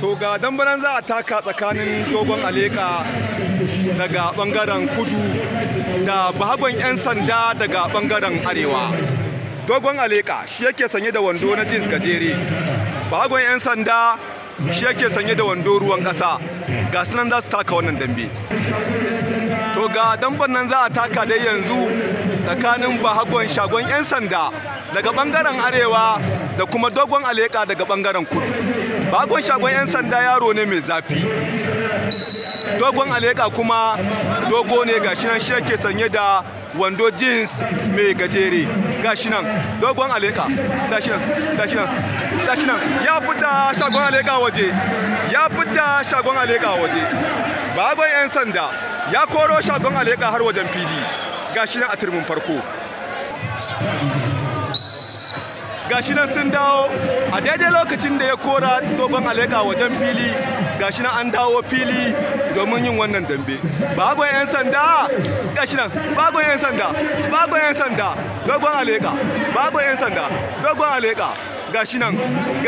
to ga dambaran za a taka tsakanin dogon aleka daga bangaren kudu da bahagon 'yan sanda daga bangaren arewa dogon aleka shi yake sanye da wando na jins gajere bahagon 'yan sanda shi yake sanye da wando ruwan ƙasa ga sunan za su taka wannan dambe to ga damban nan za a taka dai yanzu tsakanin bahagon shagon 'yan sanda daga bangaren arewa da kuma dogon aleka daga bangaren kudu bakon shagon 'yan sanda yaro ne mai zafi dogon aleka kuma dogo ne shi nan shi yake sanye da wando jeans mai gajere shi nan dogon aleka shi nan shi nan shi nan ya fita shagon aleka waje ya fita shagon aleka waje bagon 'yan sanda ya koro shagon aleka har wajen fili shi nan a turmin farko gashi nan sun dawo a daidai lokacin da ya kora dogon aleka wajen fili gashi nan an dawo fili domin yin wannan dambe bagon yan sanda gashi nan bagon yan sanda bagon yan sanda dogon aleka bagon yan sanda dogon aleka gashi nan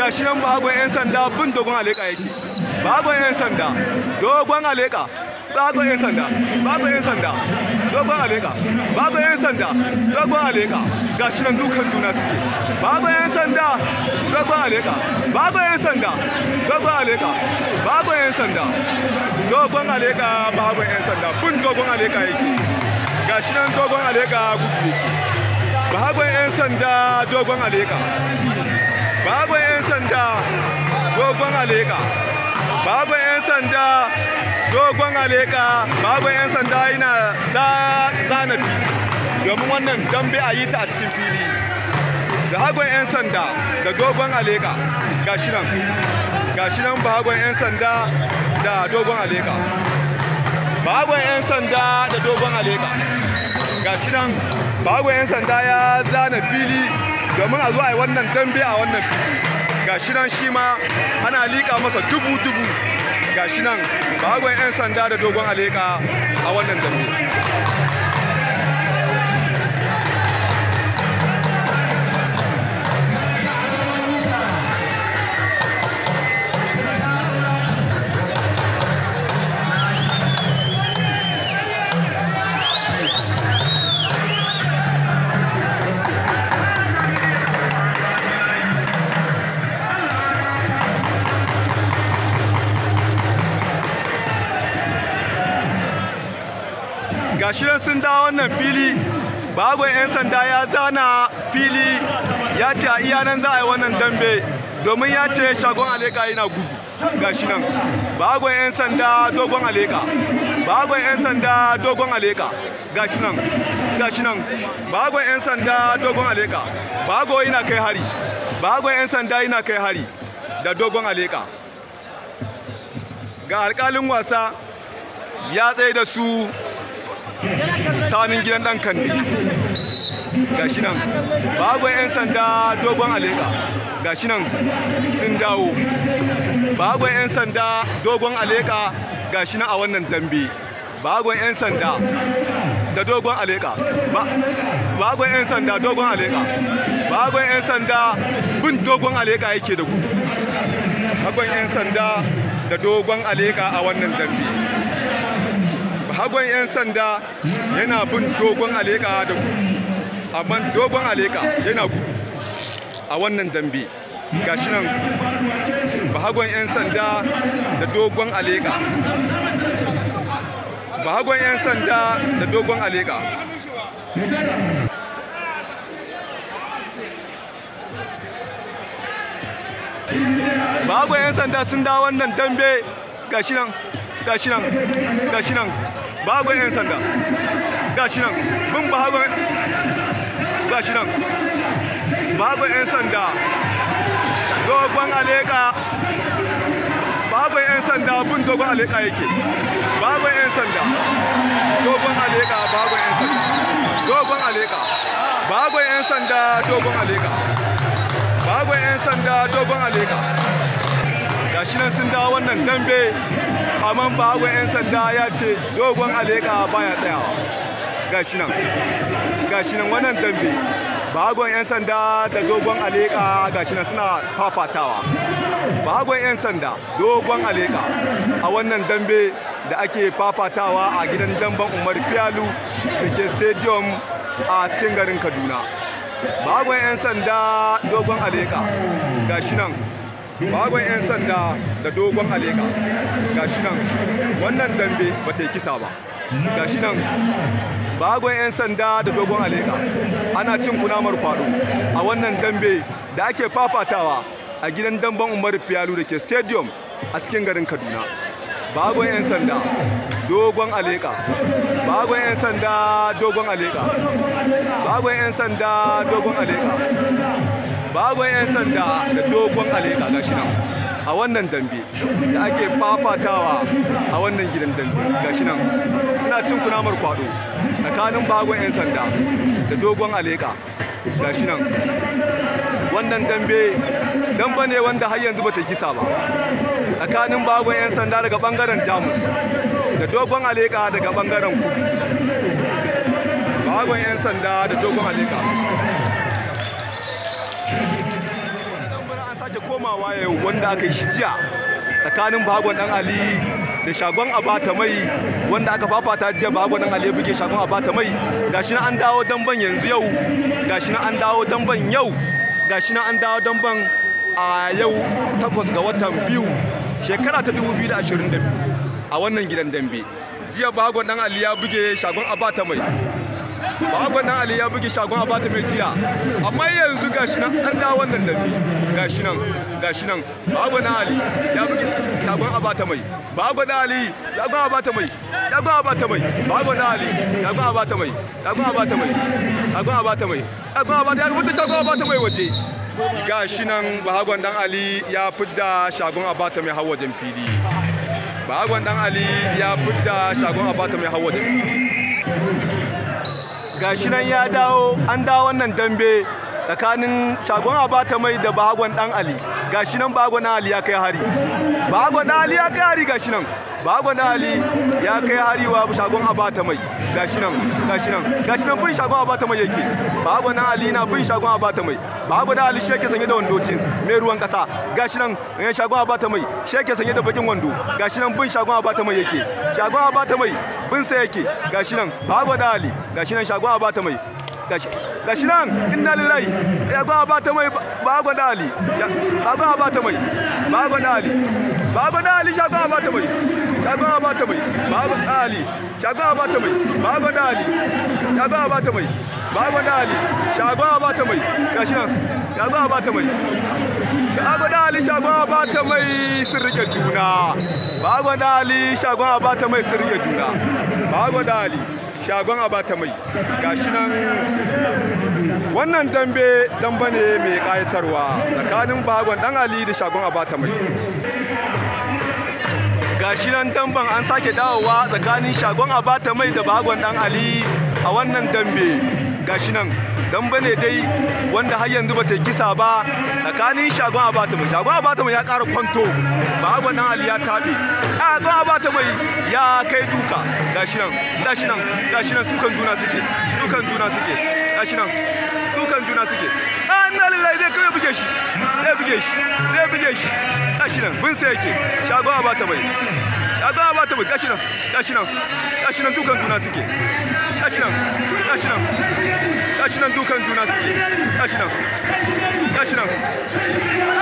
gashi nan bagon yan sanda bin dogon aleka yake bagon yan sanda dogon aleka babu 'yan sanda babu 'yan sanda dogon aleka babu 'yan sanda dogon aleka ga shi nan dukan juna suke babu 'yan sanda dogon aleka babu 'yan sanda dogon aleka babu 'yan sanda dogon aleka babu 'yan sanda kun dogon aleka yake ga shi nan dogon aleka gudu yake babu 'yan sanda dogon aleka babu 'yan sanda dogon aleka babu sanda dogon aleka bagon 'yan sanda yana zanabi domin wannan dambe a yi ta a cikin fili da hagon 'yan sanda da dogon aleka gashi nan gashi nan bagon 'yan sanda da dogon aleka bagon 'yan sanda da dogon aleka gashi nan bagon 'yan sanda ya zana fili domin a zuwa yi wannan dambe a wannan fili gashi nan shi ma ana liƙa masa dubu-dubu gashi nan bagon 'yan sanda da dogon aleka a wannan dambe gashi nan sun dawo wannan fili bagon 'yan sanda ya zana fili ya ce a iya nan za a yi wannan dambe domin ya ce shagon aleka yana gudu gashi nan bagon 'yan sanda dogon aleka bagon 'yan sanda dogon aleka gashi nan gashi nan bagon 'yan sanda dogon aleka bago yana kai hari bagon 'yan sanda yana kai hari da dogon aleka ga alkalin wasa ya tsaye da su sanin gidan dan kandi gashi nan bagon 'yan sanda dogon aleka gashi nan sun dawo bagon 'yan sanda dogon aleka gashi nan a wannan dambe bagon 'yan sanda da dogon aleka bagon 'yan sanda dogon aleka bagon 'yan sanda bin dogon aleka yake da gudu bagon 'yan sanda da dogon aleka a wannan dambe hagon 'yan sanda yana bin dogon aleka da gudu amma dogon aleka yana gudu a wannan dambe Ga shi nan bahagon 'yan sanda da dogon aleka bahagon 'yan sanda da dogon aleka bahagon 'yan sanda sun da wannan dambe ga shi nan ga shi nan ga shi nan bahagon 'yan sanda ga shi nan bin bahagon ga shi nan bahagon 'yan sanda dogon aleka bahagon 'yan sanda bin dogon aleka yake bahagon 'yan sanda dogon aleka bahagon 'yan sanda dogon aleka bahagon 'yan sanda dogon aleka bahagon 'yan sanda dogon aleka ga shi nan sun dawo wannan dambe amma bahagon 'yan sanda ya ce dogon aleka baya tsayawa gashi nan gashi nan wannan dambe bahagon 'yan sanda da dogon aleka gashi nan suna fafatawa bahagon 'yan sanda dogon aleka a wannan dambe da ake fafatawa a gidan damben umar fiyalu da ke stadium a cikin garin kaduna bagon 'yan sanda dogon aleka gashi nan bagon 'yan sanda da dogon aleka shi nan wannan dambe ba ta yi kisa ba shi nan bagon 'yan sanda da dogon aleka ana cin kunamar kwado a wannan dambe da ake fafatawa a gidan Damban umar fiyalu da ke stadium a cikin garin kaduna bagon 'yan sanda dogon aleka bagon 'yan sanda dogon aleka bagon 'yan sanda dogon aleka bagon 'yan sanda da dogon aleka gashi nan a wannan dambe da ake fafatawa a wannan gidan dambe gashi nan suna cin kunamar kwado tsakanin bagon 'yan sanda da dogon aleka gashi nan wannan dambe damba ne wanda har yanzu bata gisa ba tsakanin bagon 'yan sanda daga bangaren jamus da dogon aleka daga bangaren kudu bagon 'yan sanda da dogon aleka komawa yau wanda aka yi shi jiya tsakanin bagon dan ali da shagon abata mai wanda aka fafata jiya bagon dan ali ya buge shagon abata mai gashi na an dawo damban yanzu yau gashi na an dawo damban yau gashi na an dawo damban a yau takwas ga watan biyu shekara ta 2022 a wannan gidan dambe jiya bagon dan ali ya buge shagon abata mai Ba a nan ali ya buge shagon a bata mai jiya amma yanzu ga shi nan an da wannan dambe shi nan shi nan a nan ali ya buge shagon bata mai a nan ali a bata mai a bata mai ba a nan ali shagon bata mai shagon bata mai a bata mai shagon abata ya fita shagon bata mai waje shi nan bagon dan ali ya fidda shagon a bata mai hawa dan fili bagon dan ali ya fidda shagon a bata mai hawa dan fili gashi nan ya dawo an dawo wannan dambe tsakanin shagon abata mai da bahagon dan ali gashi nan bahagon ali ya kai hari bahagon ali ya kai hari gashi nan bahagon ali ya kai hari wa shagon abata mai gashi nan gashi nan gashi nan bin shagon a bata mai yake babu na ali na bin shagon a bata mai babu na ali shi yake sanye da wando jeans mai ruwan kasa gashi nan eh, shagon a bata mai shi yake sanye da bakin wando gashi nan bin shagon a bata mai yake shagon a bata mai bin sa yake gashi nan babu na ali gashi nan shagon bata mai gashi nan inna lillahi shagon bata mai babu na ali babu abata mai babu na ali babu na ali shagon a bata mai shagon a bata mai babu Ali? shagon a bata mai babu ɗali shagon a bata mai babu ɗali shagon a bata mai gashi nan shagon a bata mai babu ɗali shagon a bata mai sun rike juna babu ɗali shagon a bata mai sun rike juna babu ɗali shagon a bata mai gashi nan wannan dambe damba ne mai ƙayatarwa tsakanin bagon dan ali da shagon a bata mai gashi nan damban an sake dawowa tsakanin shagon abata mai da bagon dan ali a wannan dambe gashi nan damba ne dai wanda har yanzu bata kisa ba tsakanin shagon abata mai shagon abata mai ya ƙara kwanto bagon dan ali ya taɓe shagon abata mai ya kai duka gashi nan gashi nan gashi nan sukan juna suke sukan juna suke gashi nan sukan juna suke an lallai zai kai buge shi zai buge shi zai buge shi gashi nan bin sai yake shagon abata bai shagon abata bai gashi nan gashi nan gashi nan dukan juna suke gashi nan gashi nan gashi nan dukan juna suke gashi nan gashi nan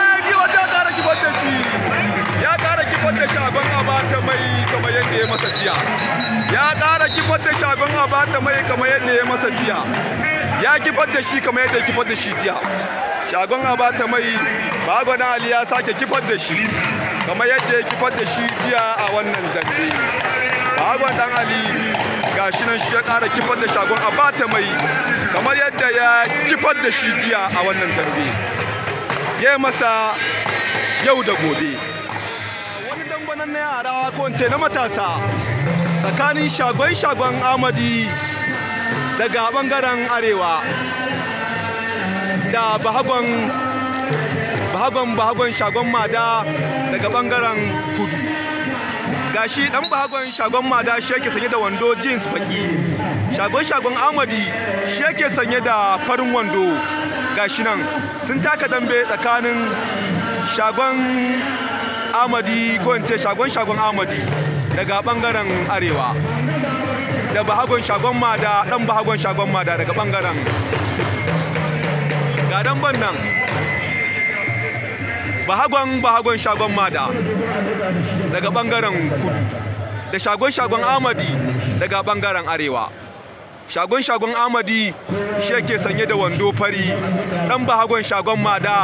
ai giwa ta kara kifar da shi ya kara kifar da shagon abata mai kamar yadda ya masa jiya ya kara kifar da shagon abata mai kamar yadda ya masa jiya ya kifar da shi kamar yadda ya kifar da shi jiya shagon a bata mai bagon ali ya sake kifar da shi kamar yadda ya kifar da shi jiya a wannan dambe bagon dan ali gashi nan shi ya kara kifar da shagon a bata mai kamar yadda ya kifar da shi jiya a wannan dambe ya masa yau da gobe wani dambanan na yara ko na matasa tsakanin shagon shagon amadi daga bangaren arewa da bahagon bahagon bahagon shagon mada daga bangaren kudu gashi dan bahagon shagon mada shi yake sanye da wando jeans baki shagon shagon amadi shi yake sanye da farin wando gashi nan sun taka dambe tsakanin shagon amadi ko ince shagon shagon amadi daga bangaren arewa da bahagon shagon mada dan bahagon shagon mada daga bangaren ga damban nan bahagon bahagon shagon mada daga bangaren kudu da shagon shagon amadi daga bangaren arewa shagon shagon amadi shi yake sanye da wando fari dan bahagon shagon mada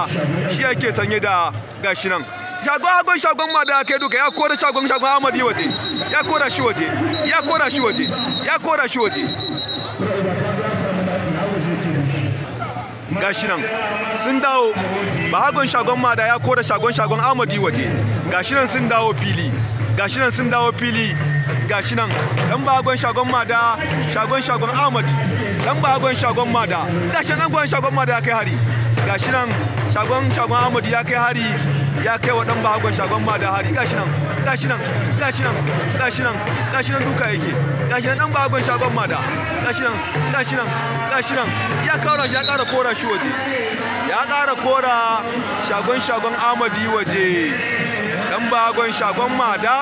shi yake sanye da gashi nan shagon hagon shagon mada kai duka ya kora shagon shagon amadi waje ya kora shi waje ya kora shi waje ya kora shi waje gashi nan sun dawo hagon shagon mada ya kora shagon shagon amadi waje gashi nan sun dawo fili gashi nan sun dawo fili gashi nan dan bahagon shagon mada shagon shagon amadi dan bahagon shagon mada gashi nan gwan shagon mada ya kai hari gashi nan shagon shagon amadi ya kai hari ya kai wa dan bahagon shagon mada hari gashi nan gashi nan gashi nan gashi nan gashi nan duka yake gashi nan dan bahagon shagon mada gashi nan gashi nan gashi nan ya kara ya kara kora shi waje ya kara kora shagon shagon amadi waje dan bagon shagon mada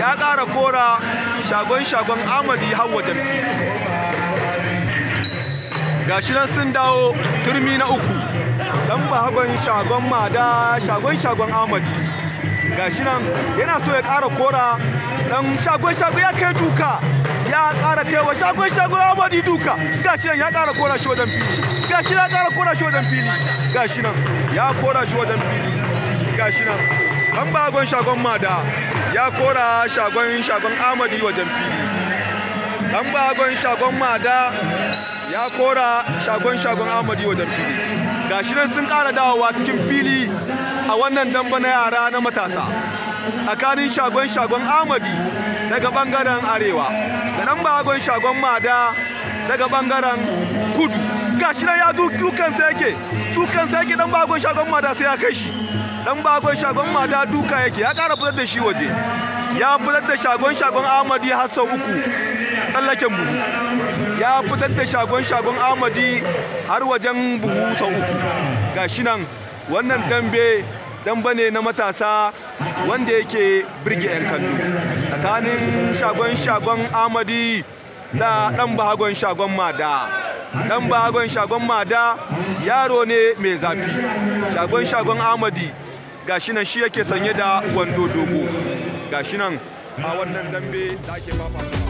ya kara kora shagon shagon amadi har wajen fili gashi nan sun dawo turmi na uku dan bagon shagon mada shagon shagon amadi gashi nan yana so ya kara kora dan shagon shagon ya kai duka ya ƙara kaiwa shagon shagon Amadi duka gashi nan ya ƙara kora shi wajen fili gashi ya ƙara kora shi wajen fili gashi nan ya kora shi wajen fili gashi nan ba gon shagon mada ya kora shagon shagon Amadi wajen fili ba gon shagon mada ya kora shagon shagon Amadi wajen fili gashi nan sun ƙara dawowa cikin fili a wannan damba na yara na matasa tsakanin shagon shagon Amadi. daga bangaren arewa da nan bagon shagon mada daga bangaren kudu gashi nan ya dukan sai yake dukan sai yake dan bagon shagon mada sai ya kai shi dan bagon shagon mada duka yake ya kara fitar da shi waje ya fitar da shagon shagon Ahmadi har sau uku tsallaken buhu ya fitar da shagon shagon Ahmadi har wajen buhu sau uku gashi nan wannan dambe dan ne na matasa wanda yake birge 'yan kallo tsakanin shagon shagon amadi da dan bahagon shagon mada dan bahagon shagon mada yaro ne mai zafi shagon shagon amadi gashi nan shi yake sanye da wando dogo gashi nan a wannan dambe da ake fafafa.